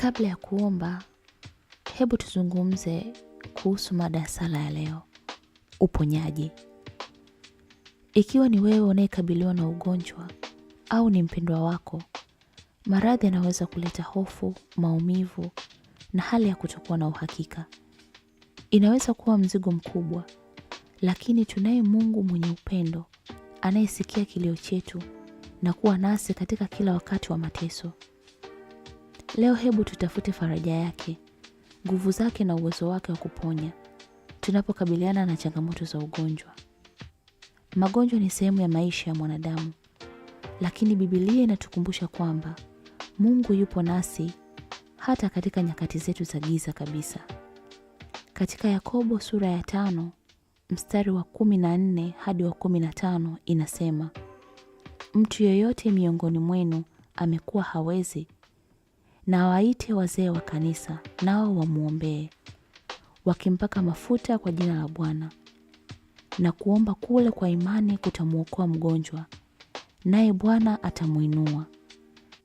Kabla ya kuomba, hebu tuzungumze kuhusu mada ya sala ya leo, uponyaji. Ikiwa ni wewe unayekabiliwa na ugonjwa au ni mpendwa wako, maradhi yanaweza kuleta hofu, maumivu na hali ya kutokuwa na uhakika. Inaweza kuwa mzigo mkubwa, lakini tunaye Mungu mwenye upendo anayesikia kilio chetu na kuwa nasi katika kila wakati wa mateso. Leo hebu tutafute faraja yake, nguvu zake na uwezo wake wa kuponya tunapokabiliana na changamoto za ugonjwa. Magonjwa ni sehemu ya maisha ya mwanadamu, lakini Biblia inatukumbusha kwamba Mungu yupo nasi hata katika nyakati zetu za giza kabisa. Katika Yakobo sura ya tano mstari wa kumi na nne hadi wa kumi na tano inasema, mtu yeyote miongoni mwenu amekuwa hawezi na waite wazee wa kanisa, nao wamwombee, wakimpaka mafuta kwa jina la Bwana. Na kuomba kule kwa imani kutamwokoa mgonjwa, naye Bwana atamwinua.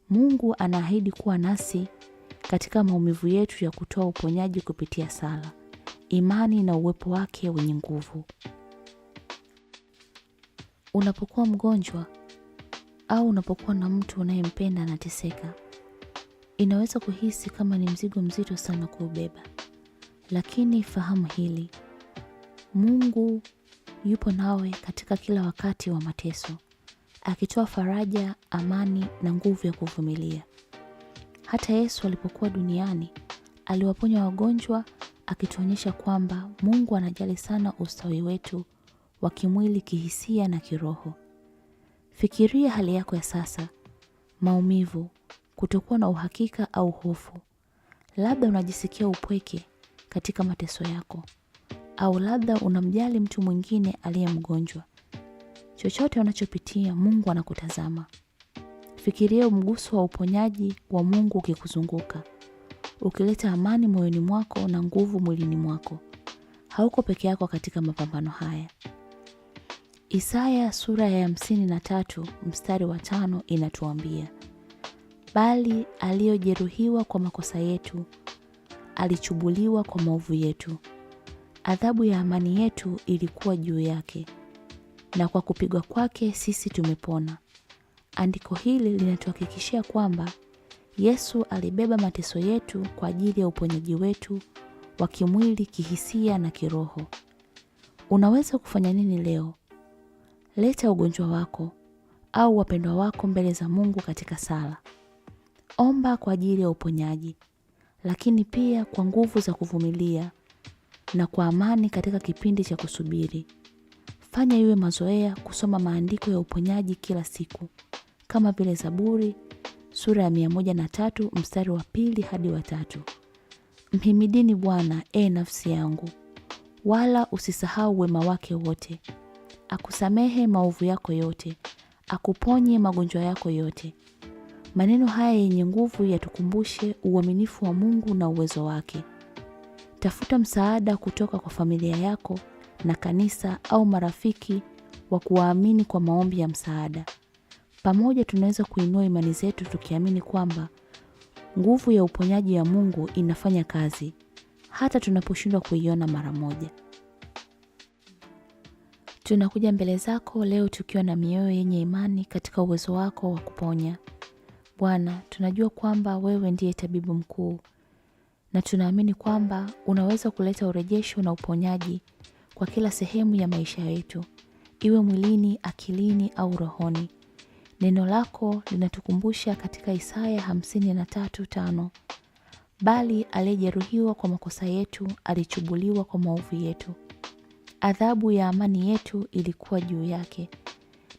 Mungu anaahidi kuwa nasi katika maumivu yetu ya kutoa uponyaji kupitia sala, imani na uwepo wake wenye nguvu. Unapokuwa mgonjwa au unapokuwa na mtu unayempenda anateseka, Inaweza kuhisi kama ni mzigo mzito sana kuubeba, lakini fahamu hili: Mungu yupo nawe katika kila wakati wa mateso, akitoa faraja, amani na nguvu ya kuvumilia. Hata Yesu alipokuwa duniani aliwaponya wagonjwa, akituonyesha kwamba Mungu anajali sana ustawi wetu wa kimwili, kihisia na kiroho. Fikiria hali yako ya sasa: maumivu, kutokuwa na uhakika au hofu. Labda unajisikia upweke katika mateso yako, au labda unamjali mtu mwingine aliye mgonjwa. Chochote unachopitia, Mungu anakutazama. Fikiria mguso wa uponyaji wa Mungu ukikuzunguka, ukileta amani moyoni mwako na nguvu mwilini mwako. Hauko peke yako katika mapambano haya. Isaya sura ya hamsini na tatu mstari wa tano inatuambia bali aliyojeruhiwa kwa makosa yetu, alichubuliwa kwa maovu yetu. Adhabu ya amani yetu ilikuwa juu yake, na kwa kupigwa kwake sisi tumepona. Andiko hili linatuhakikishia kwamba Yesu alibeba mateso yetu kwa ajili ya uponyaji wetu wa kimwili, kihisia na kiroho. Unaweza kufanya nini leo? Leta ugonjwa wako au wapendwa wako mbele za Mungu katika sala. Omba kwa ajili ya uponyaji, lakini pia kwa nguvu za kuvumilia na kwa amani katika kipindi cha kusubiri. Fanya iwe mazoea kusoma maandiko ya uponyaji kila siku kama vile Zaburi sura ya mia moja na tatu mstari wa pili hadi wa tatu. Mhimidini Bwana, e nafsi yangu, wala usisahau wema wake wote. Akusamehe maovu yako yote, akuponye magonjwa yako yote Maneno haya yenye nguvu yatukumbushe uaminifu wa Mungu na uwezo wake. Tafuta msaada kutoka kwa familia yako na kanisa au marafiki wa kuwaamini kwa maombi ya msaada. Pamoja tunaweza kuinua imani zetu tukiamini kwamba nguvu ya uponyaji ya Mungu inafanya kazi hata tunaposhindwa kuiona mara moja. Tunakuja mbele zako leo tukiwa na mioyo yenye imani katika uwezo wako wa kuponya. Bwana, tunajua kwamba wewe ndiye tabibu mkuu na tunaamini kwamba unaweza kuleta urejesho na uponyaji kwa kila sehemu ya maisha yetu, iwe mwilini, akilini au rohoni. Neno lako linatukumbusha katika Isaya 53:5, bali aliyejeruhiwa kwa makosa yetu, alichubuliwa kwa maovu yetu, adhabu ya amani yetu ilikuwa juu yake,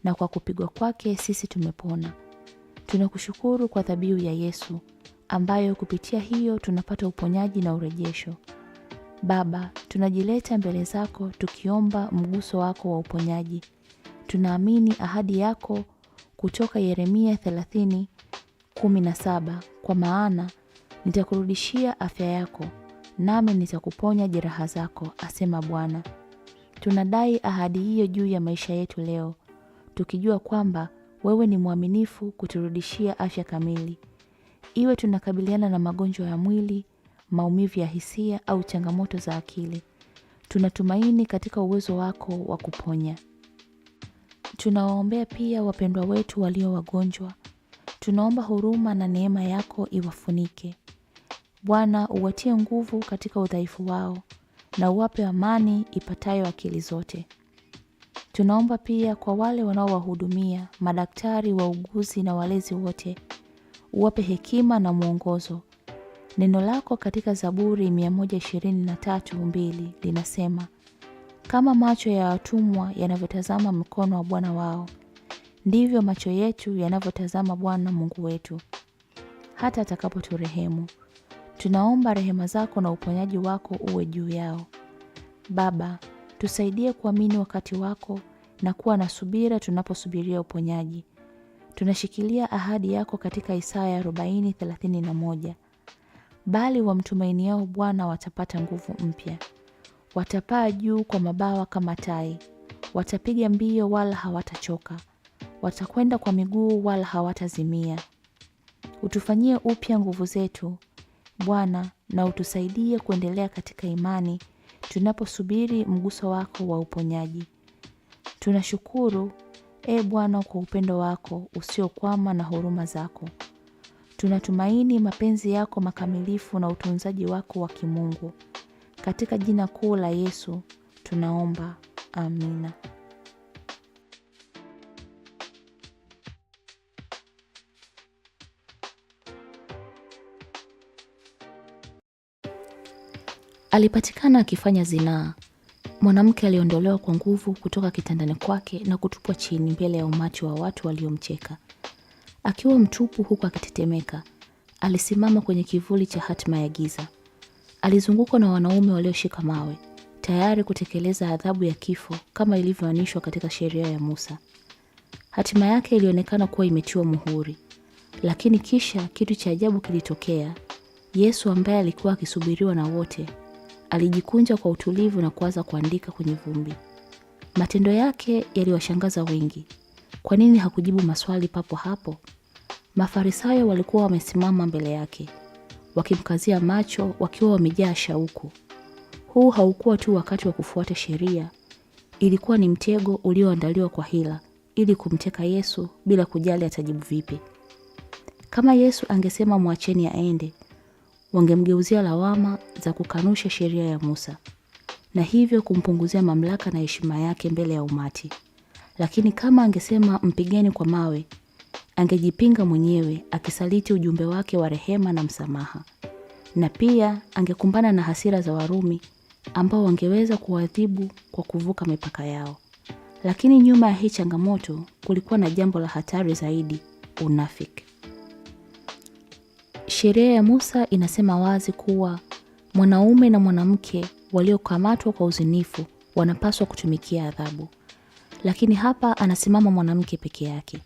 na kwa kupigwa kwake sisi tumepona. Tunakushukuru kwa dhabihu ya Yesu ambayo kupitia hiyo tunapata uponyaji na urejesho. Baba, tunajileta mbele zako tukiomba mguso wako wa uponyaji. Tunaamini ahadi yako kutoka Yeremia 30:17, kwa maana nitakurudishia afya yako nami nitakuponya jeraha zako, asema Bwana. Tunadai ahadi hiyo juu ya maisha yetu leo, tukijua kwamba wewe ni mwaminifu kuturudishia afya kamili, iwe tunakabiliana na magonjwa ya mwili, maumivu ya hisia au changamoto za akili. Tunatumaini katika uwezo wako wa kuponya. Tunawaombea pia wapendwa wetu walio wagonjwa. Tunaomba huruma na neema yako iwafunike. Bwana, uwatie nguvu katika udhaifu wao na uwape amani ipatayo akili zote. Tunaomba pia kwa wale wanaowahudumia madaktari, wauguzi na walezi wote, uwape hekima na mwongozo. Neno lako katika Zaburi 123:2 linasema, kama macho ya watumwa yanavyotazama mkono wa bwana wao, ndivyo macho yetu yanavyotazama Bwana Mungu wetu hata atakapoturehemu. Tunaomba rehema zako na uponyaji wako uwe juu yao Baba Tusaidie kuamini wakati wako na kuwa na subira tunaposubiria uponyaji. Tunashikilia ahadi yako katika Isaya 40:31. Bali wamtumainiao Bwana watapata nguvu mpya. Watapaa juu kwa mabawa kama tai. Watapiga mbio wala hawatachoka. Watakwenda kwa miguu wala hawatazimia. Utufanyie upya nguvu zetu, Bwana, na utusaidie kuendelea katika imani tunaposubiri mguso wako wa uponyaji. Tunashukuru e Bwana kwa upendo wako usiokwama na huruma zako. Tunatumaini mapenzi yako makamilifu na utunzaji wako wa kimungu. Katika jina kuu la Yesu tunaomba, amina. alipatikana akifanya zinaa. Mwanamke aliondolewa kwa nguvu kutoka kitandani kwake na kutupwa chini mbele ya umati wa watu waliomcheka. Akiwa mtupu huku akitetemeka, alisimama kwenye kivuli cha hatima ya giza. Alizungukwa na wanaume walioshika mawe tayari kutekeleza adhabu ya kifo kama ilivyoanishwa katika sheria ya Musa. Hatima yake ilionekana kuwa imetiwa muhuri, lakini kisha kitu cha ajabu kilitokea. Yesu ambaye alikuwa akisubiriwa na wote Alijikunja kwa utulivu na kuanza kuandika kwenye vumbi. Matendo yake yaliwashangaza wengi. Kwa nini hakujibu maswali papo hapo? Mafarisayo walikuwa wamesimama mbele yake wakimkazia macho, wakiwa wamejaa shauku. Huu haukuwa tu wakati wa kufuata sheria, ilikuwa ni mtego ulioandaliwa kwa hila ili kumteka Yesu bila kujali atajibu vipi. Kama Yesu angesema mwacheni aende, wangemgeuzia lawama za kukanusha sheria ya Musa na hivyo kumpunguzia mamlaka na heshima yake mbele ya umati. Lakini kama angesema mpigeni kwa mawe, angejipinga mwenyewe akisaliti ujumbe wake wa rehema na msamaha, na pia angekumbana na hasira za Warumi ambao wangeweza kuadhibu kwa kuvuka mipaka yao. Lakini nyuma ya hii changamoto kulikuwa na jambo la hatari zaidi: unafiki. Sheria ya Musa inasema wazi kuwa mwanaume na mwanamke waliokamatwa kwa uzinifu wanapaswa kutumikia adhabu, lakini hapa anasimama mwanamke peke yake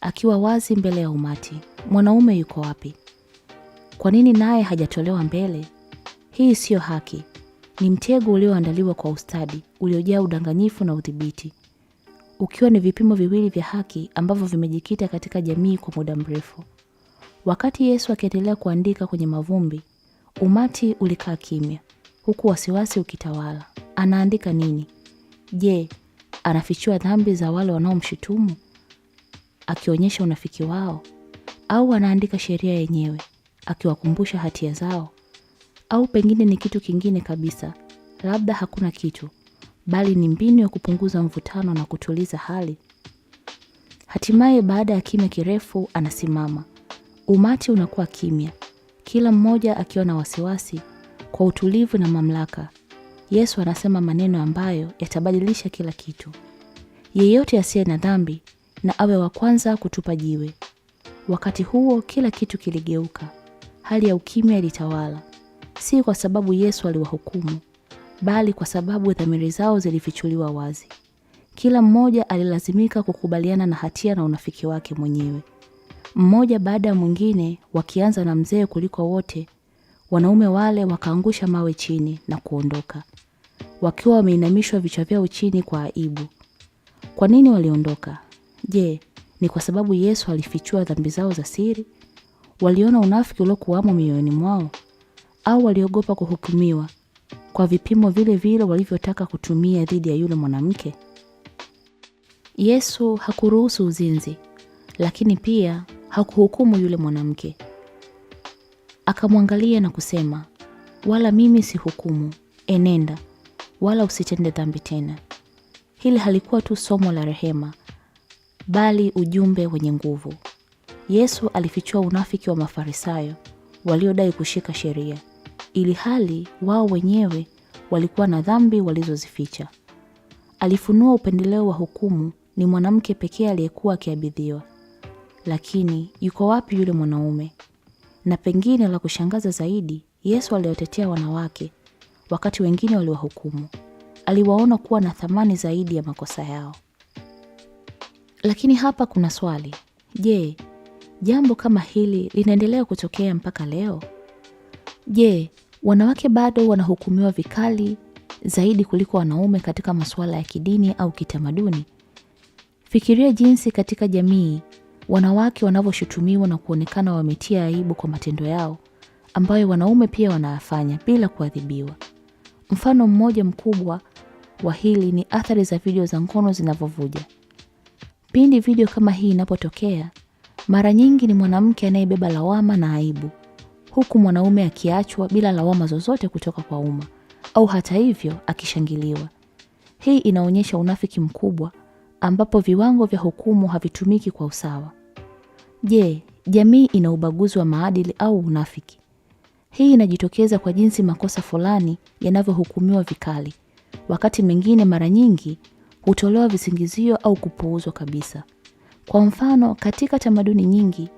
akiwa wazi mbele ya umati. Mwanaume yuko wapi? Kwa nini naye hajatolewa mbele? Hii siyo haki, ni mtego ulioandaliwa kwa ustadi, uliojaa udanganyifu na udhibiti, ukiwa ni vipimo viwili vya haki ambavyo vimejikita katika jamii kwa muda mrefu. Wakati Yesu akiendelea kuandika kwenye mavumbi, umati ulikaa kimya, huku wasiwasi ukitawala. Anaandika nini? Je, anafichua dhambi za wale wanaomshutumu, akionyesha unafiki wao, au anaandika sheria yenyewe, akiwakumbusha hatia zao? Au pengine ni kitu kingine kabisa? Labda hakuna kitu, bali ni mbinu ya kupunguza mvutano na kutuliza hali. Hatimaye, baada ya kimya kirefu, anasimama Umati unakuwa kimya, kila mmoja akiwa na wasiwasi. Kwa utulivu na mamlaka, Yesu anasema maneno ambayo yatabadilisha kila kitu: yeyote asiye na dhambi na awe wa kwanza kutupa jiwe. Wakati huo kila kitu kiligeuka. Hali ya ukimya ilitawala, si kwa sababu Yesu aliwahukumu, bali kwa sababu dhamiri zao zilifichuliwa wazi. Kila mmoja alilazimika kukubaliana na hatia na unafiki wake mwenyewe. Mmoja baada ya mwingine, wakianza na mzee kuliko wote, wanaume wale wakaangusha mawe chini na kuondoka, wakiwa wameinamishwa vichwa vyao chini kwa aibu. Kwa nini waliondoka? Je, ni kwa sababu Yesu alifichua dhambi zao za siri? Waliona unafiki uliokuwamo mioyoni mwao, au waliogopa kuhukumiwa kwa vipimo vile vile walivyotaka kutumia dhidi ya yule mwanamke? Yesu hakuruhusu uzinzi, lakini pia hakuhukumu yule mwanamke. Akamwangalia na kusema, wala mimi si hukumu enenda wala usitende dhambi tena. Hili halikuwa tu somo la rehema, bali ujumbe wenye nguvu. Yesu alifichua unafiki wa Mafarisayo waliodai kushika sheria, ili hali wao wenyewe walikuwa na dhambi walizozificha. Alifunua upendeleo wa hukumu; ni mwanamke pekee aliyekuwa akiabidhiwa. Lakini yuko wapi yule mwanaume? Na pengine la kushangaza zaidi, Yesu aliwatetea wanawake wakati wengine waliwahukumu. Aliwaona kuwa na thamani zaidi ya makosa yao. Lakini hapa kuna swali. Je, jambo kama hili linaendelea kutokea mpaka leo? Je, wanawake bado wanahukumiwa vikali zaidi kuliko wanaume katika masuala ya kidini au kitamaduni? Fikiria jinsi katika jamii wanawake wanavyoshutumiwa na kuonekana wametia aibu kwa matendo yao ambayo wanaume pia wanayafanya bila kuadhibiwa. Mfano mmoja mkubwa wa hili ni athari za video za ngono zinavyovuja. Pindi video kama hii inapotokea, mara nyingi ni mwanamke anayebeba lawama na aibu, huku mwanaume akiachwa bila lawama zozote kutoka kwa umma, au hata hivyo akishangiliwa. Hii inaonyesha unafiki mkubwa ambapo viwango vya hukumu havitumiki kwa usawa. Je, jamii ina ubaguzi wa maadili au unafiki? Hii inajitokeza kwa jinsi makosa fulani yanavyohukumiwa vikali, wakati mwingine, mara nyingi hutolewa visingizio au kupuuzwa kabisa. Kwa mfano, katika tamaduni nyingi,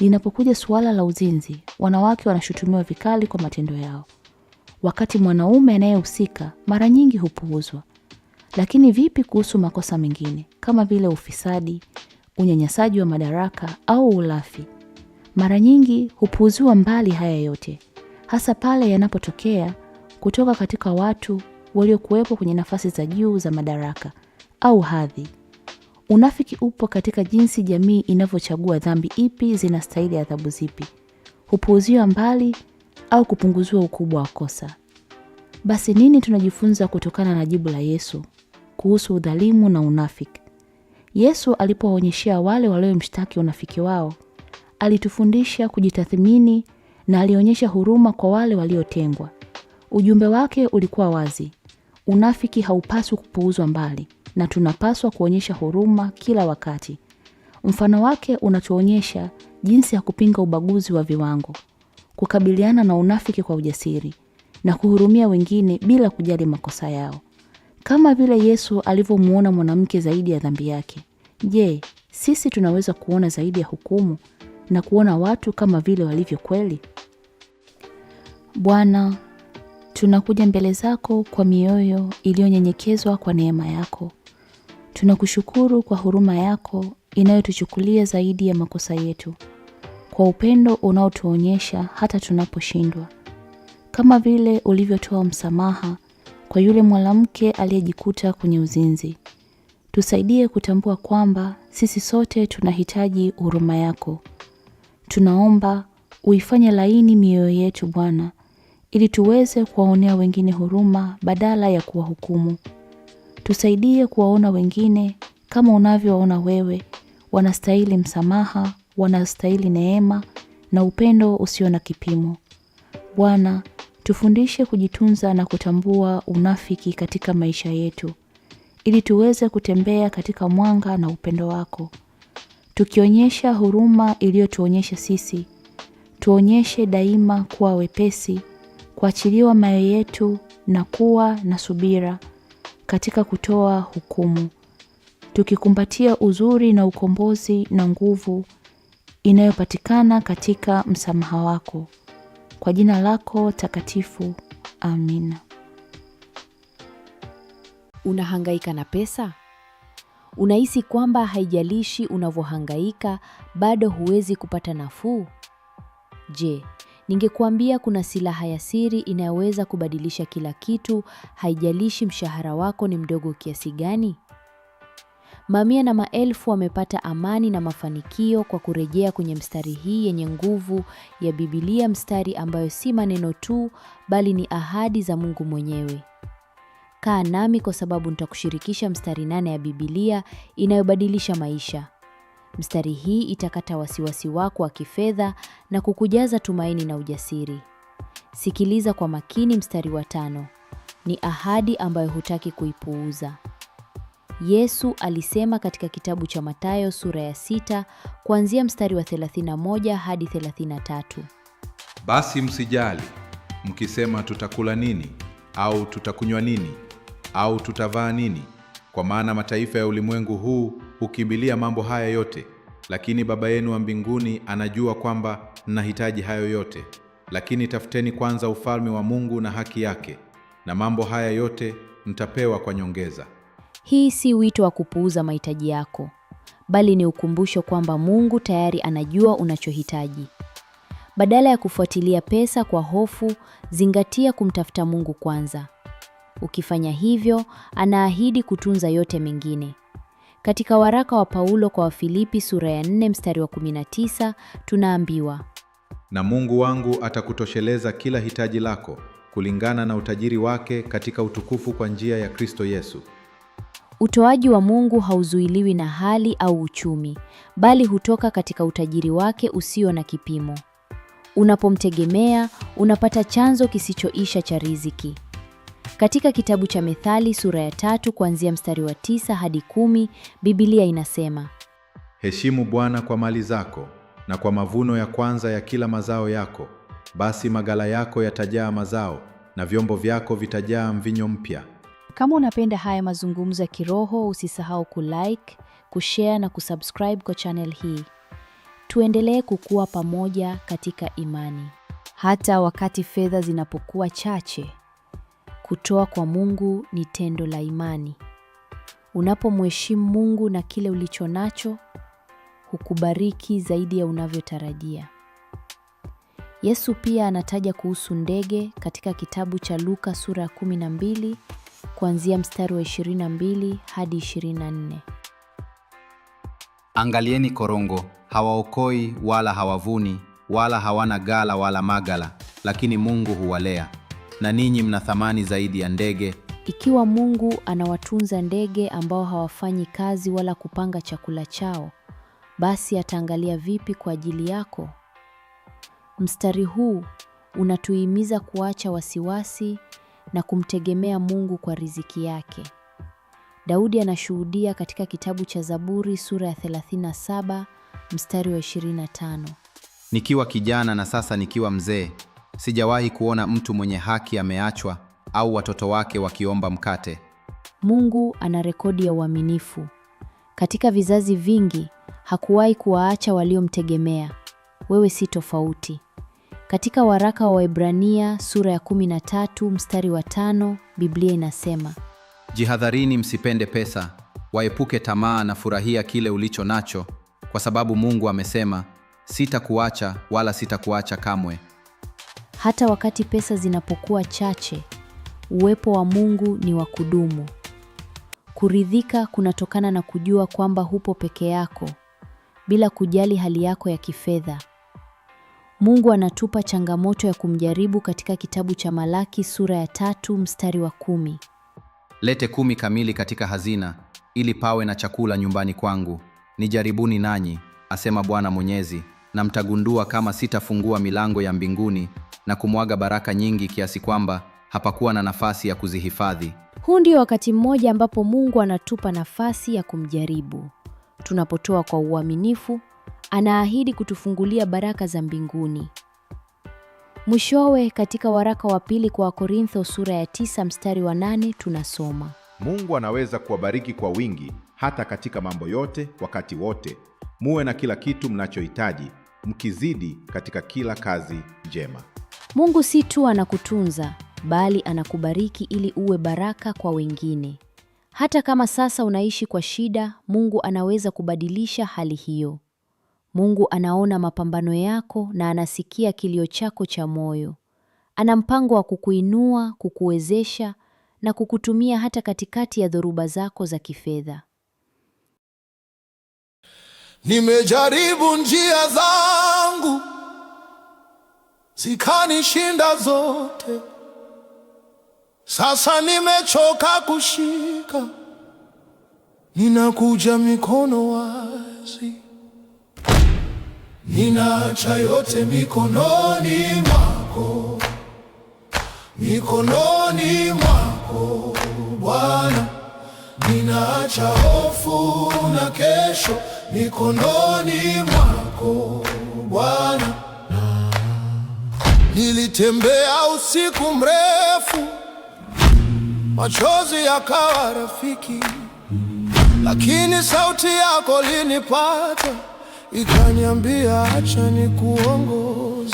linapokuja suala la uzinzi, wanawake wanashutumiwa vikali kwa matendo yao, wakati mwanaume anayehusika mara nyingi hupuuzwa. Lakini vipi kuhusu makosa mengine kama vile ufisadi, unyanyasaji wa madaraka au ulafi? Mara nyingi hupuuziwa mbali haya yote, hasa pale yanapotokea kutoka katika watu waliokuwepo kwenye nafasi za juu za madaraka au hadhi. Unafiki upo katika jinsi jamii inavyochagua dhambi ipi zinastahili adhabu zipi, hupuuziwa mbali au kupunguziwa ukubwa wa kosa. Basi nini tunajifunza kutokana na jibu la Yesu? kuhusu udhalimu na unafiki. Yesu alipowaonyeshea wale waliomshtaki unafiki wao, alitufundisha kujitathmini na alionyesha huruma kwa wale waliotengwa. Ujumbe wake ulikuwa wazi: unafiki haupaswi kupuuzwa mbali, na tunapaswa kuonyesha huruma kila wakati. Mfano wake unatuonyesha jinsi ya kupinga ubaguzi wa viwango, kukabiliana na unafiki kwa ujasiri na kuhurumia wengine bila kujali makosa yao. Kama vile Yesu alivyomuona mwanamke zaidi ya dhambi yake, je, sisi tunaweza kuona zaidi ya hukumu na kuona watu kama vile walivyo kweli? Bwana, tunakuja mbele zako kwa mioyo iliyonyenyekezwa kwa neema yako. Tunakushukuru kwa huruma yako inayotuchukulia zaidi ya makosa yetu, kwa upendo unaotuonyesha hata tunaposhindwa. Kama vile ulivyotoa msamaha kwa yule mwanamke aliyejikuta kwenye uzinzi. Tusaidie kutambua kwamba sisi sote tunahitaji huruma yako. Tunaomba uifanye laini mioyo yetu Bwana, ili tuweze kuwaonea wengine huruma badala ya kuwahukumu. Tusaidie kuwaona wengine kama unavyowaona wewe, wanastahili msamaha, wanastahili neema na upendo usio na kipimo. Bwana, Tufundishe kujitunza na kutambua unafiki katika maisha yetu ili tuweze kutembea katika mwanga na upendo wako. Tukionyesha huruma iliyotuonyesha sisi, tuonyeshe daima kuwa wepesi kuachiliwa mayo yetu na kuwa na subira katika kutoa hukumu, tukikumbatia uzuri na ukombozi na nguvu inayopatikana katika msamaha wako. Kwa jina lako takatifu, amina. Unahangaika na pesa? Unahisi kwamba haijalishi unavyohangaika bado huwezi kupata nafuu? Je, ningekuambia kuna silaha ya siri inayoweza kubadilisha kila kitu, haijalishi mshahara wako ni mdogo kiasi gani? Mamia na maelfu wamepata amani na mafanikio kwa kurejea kwenye mstari hii yenye nguvu ya Biblia, mstari ambayo si maneno tu, bali ni ahadi za Mungu mwenyewe. Kaa nami kwa sababu nitakushirikisha mstari nane ya Biblia inayobadilisha maisha. Mstari hii itakata wasiwasi wako wa kifedha na kukujaza tumaini na ujasiri. Sikiliza kwa makini mstari wa tano. Ni ahadi ambayo hutaki kuipuuza. Yesu alisema katika kitabu cha Mathayo sura ya sita kuanzia mstari wa 31 hadi 33. Basi msijali mkisema tutakula nini au tutakunywa nini au tutavaa nini, kwa maana mataifa ya ulimwengu huu hukimbilia mambo haya yote, lakini Baba yenu wa mbinguni anajua kwamba mnahitaji hayo yote. Lakini tafuteni kwanza ufalme wa Mungu na haki yake, na mambo haya yote mtapewa kwa nyongeza. Hii si wito wa kupuuza mahitaji yako, bali ni ukumbusho kwamba Mungu tayari anajua unachohitaji. Badala ya kufuatilia pesa kwa hofu, zingatia kumtafuta Mungu kwanza. Ukifanya hivyo, anaahidi kutunza yote mengine. Katika waraka wa Paulo kwa Wafilipi sura ya 4 mstari wa 19 tunaambiwa, na Mungu wangu atakutosheleza kila hitaji lako kulingana na utajiri wake katika utukufu kwa njia ya Kristo Yesu. Utoaji wa Mungu hauzuiliwi na hali au uchumi, bali hutoka katika utajiri wake usio na kipimo. Unapomtegemea, unapata chanzo kisichoisha cha riziki. Katika kitabu cha Methali sura ya tatu kuanzia mstari wa tisa hadi kumi, Biblia inasema, Heshimu Bwana kwa mali zako na kwa mavuno ya kwanza ya kila mazao yako, basi magala yako yatajaa mazao na vyombo vyako vitajaa mvinyo mpya. Kama unapenda haya mazungumzo ya kiroho, usisahau kulike, kushare na kusubscribe kwa channel hii. Tuendelee kukua pamoja katika imani. Hata wakati fedha zinapokuwa chache, kutoa kwa Mungu ni tendo la imani. Unapomheshimu Mungu na kile ulicho nacho, hukubariki zaidi ya unavyotarajia. Yesu pia anataja kuhusu ndege katika kitabu cha Luka sura ya 12 kuanzia mstari wa 22 hadi 24. Angalieni korongo, hawaokoi wala hawavuni wala hawana gala wala magala, lakini Mungu huwalea, na ninyi mna thamani zaidi ya ndege. Ikiwa Mungu anawatunza ndege ambao hawafanyi kazi wala kupanga chakula chao, basi ataangalia vipi kwa ajili yako? Mstari huu unatuhimiza kuacha wasiwasi na kumtegemea Mungu kwa riziki yake. Daudi anashuhudia katika kitabu cha Zaburi sura ya 37 mstari wa 25, nikiwa kijana na sasa nikiwa mzee, sijawahi kuona mtu mwenye haki ameachwa au watoto wake wakiomba mkate. Mungu ana rekodi ya uaminifu katika vizazi vingi, hakuwahi kuwaacha waliomtegemea. Wewe si tofauti. Katika waraka wa Waebrania sura ya 13 mstari wa tano, Biblia inasema jihadharini, msipende pesa, waepuke tamaa na furahia kile ulicho nacho, kwa sababu Mungu amesema, sitakuacha wala sitakuacha kamwe. Hata wakati pesa zinapokuwa chache, uwepo wa Mungu ni wa kudumu. Kuridhika kunatokana na kujua kwamba hupo peke yako, bila kujali hali yako ya kifedha. Mungu anatupa changamoto ya kumjaribu katika kitabu cha Malaki sura ya tatu mstari wa kumi. Lete kumi kamili katika hazina ili pawe na chakula nyumbani kwangu. Nijaribuni nanyi, asema Bwana Mwenyezi, na mtagundua kama sitafungua milango ya mbinguni na kumwaga baraka nyingi kiasi kwamba hapakuwa na nafasi ya kuzihifadhi. Huu ndio wakati mmoja ambapo Mungu anatupa nafasi ya kumjaribu. Tunapotoa kwa uaminifu, anaahidi kutufungulia baraka za mbinguni. Mwishowe katika waraka wa pili kwa Wakorintho sura ya tisa mstari wa nane tunasoma Mungu anaweza kuwabariki kwa wingi hata katika mambo yote wakati wote, muwe na kila kitu mnachohitaji, mkizidi katika kila kazi njema. Mungu si tu anakutunza, bali anakubariki ili uwe baraka kwa wengine. Hata kama sasa unaishi kwa shida, Mungu anaweza kubadilisha hali hiyo. Mungu anaona mapambano yako na anasikia kilio chako cha moyo. Ana mpango wa kukuinua, kukuwezesha na kukutumia hata katikati ya dhoruba zako za kifedha. Nimejaribu njia zangu zikanishinda zote, sasa nimechoka kushika, ninakuja mikono wazi. Ninaacha yote mikononi mwako, mikononi mwako Bwana. Ninaacha hofu na kesho mikononi mwako Bwana. Nilitembea usiku mrefu, machozi yakawa rafiki, lakini sauti yako linipata ikaniambia acha nikuongoze.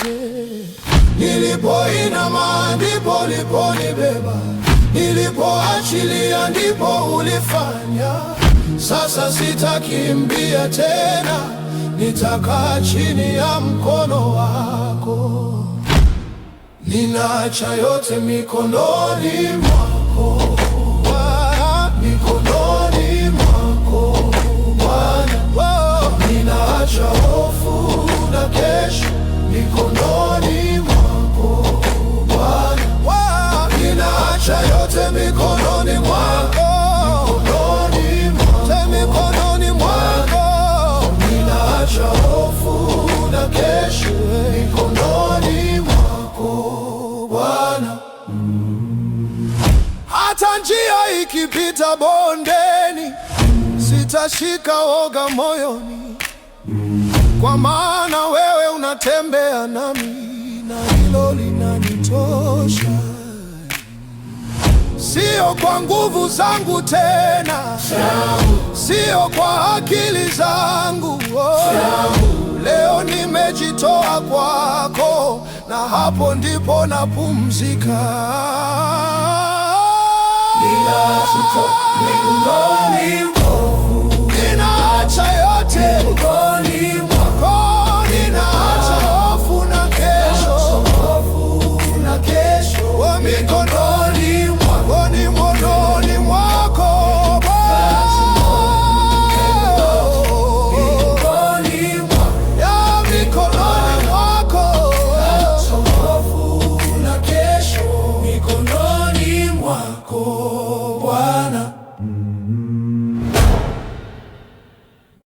Nilipoinama ndipo uliponibeba, nilipoachilia ndipo ulifanya. Sasa sitakimbia tena, nitakaa chini ya mkono wako, ninaacha yote mikononi mwa acha hofu na kesho mikononi mwako Bwana, ninaacha yote mikononi mwako njia ikipita bondeni, sitashika woga moyoni kwa maana wewe unatembea nami na hilo linanitosha, sio kwa nguvu zangu tena, sio kwa akili zangu oh. Leo nimejitoa kwako, na hapo ndipo napumzika bila